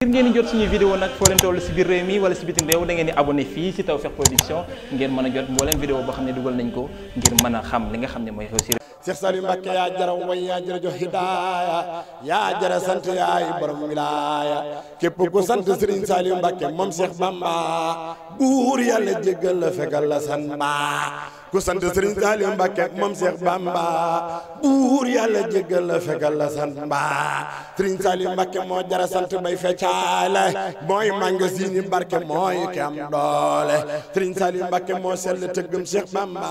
ngir ngeen jot suñuy vidéo nag foo leen toll si biir réew mi wala si bitim réew da ngeen di abonné fii si Tawfekh Production ngeen mën a jot mbooleem vidéo boo xam ne dugal nañ ko ngir mën a xam li nga xam ne mooy xew si réew Cheikh Saliou Mbacké yaa jara way yaa jara jox hidaaya jara sant yaay borom wilaaya képp ku sant Serigne Saliou Mbacké moom Cheikh Bamba buur yàlla jéggal la fegal la san baa ku sant sëriñ Saaliw Mbàkke moom Seex Bamba buur yàlla jéggal la fegal la sant mbaa sëriñ Saaliw Mbàkke moo jara sant bay feccaale mooy mànga siini barke mooy kam doole sëriñ Saaliw Mbàkke moo sell tëggëm Seex Bamba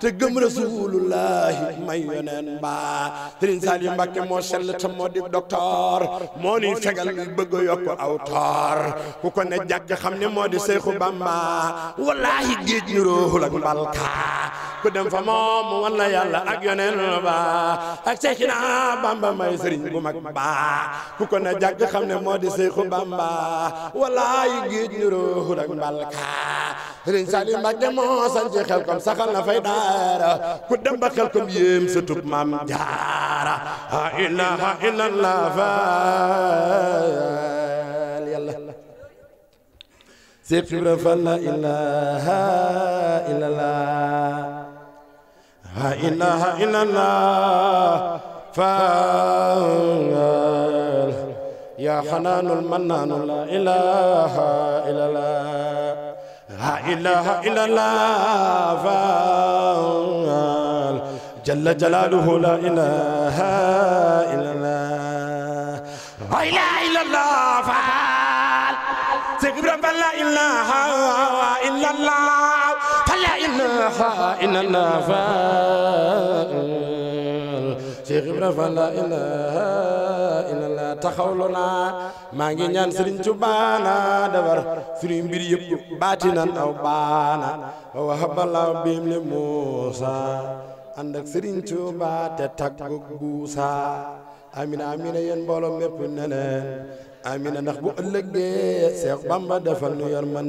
tëggëm Rasulullahi may yoneen mbaa sëriñ Saaliw Mbàkke moo sell te moo di docteur moo ni fegal li bëgg yokk aw toor ku ko ne jàkk xam ne moo di Seexu Bamba wallahi géej ñu róoxul ak ku dem fa moom mu wan ak yoneen ba ak Seexina Bamba may sëriñ bu mag ba ku ko na jàkk xam ne moo di Seexu Bamba walaay géej ñu ruuxu ak mbalka sëriñ Saliou Mbacke moo sanc xel kom saxal na fay daara ku dem ba xel kom yéem sa tub maam jaara ha ilaha illallah fa Seex Ibra Fall la ilaha illallah إله إلا الله فانغل يا حنان المنان لا إله إلا الله لا إله إلا الله فانغل جل جلاله لا إله إلا الله لا إله إلا الله فعل سيكبر لا إله إلا الله فلا إله إلا الله فعل Cheikh Ibra Fall la ilaha illallah taxawlu naa maa ngi ñaan sëriñ Tuubaa na defar suñu mbir yëpp baatinan aw baana wa haballahu bihim li Muusa ànd ak sëriñ Tuubaa te taggug buusa amina amina yéen mbooloo mépp ne leen amina ndax bu ëllëgee Seex Bamba defal nu yor man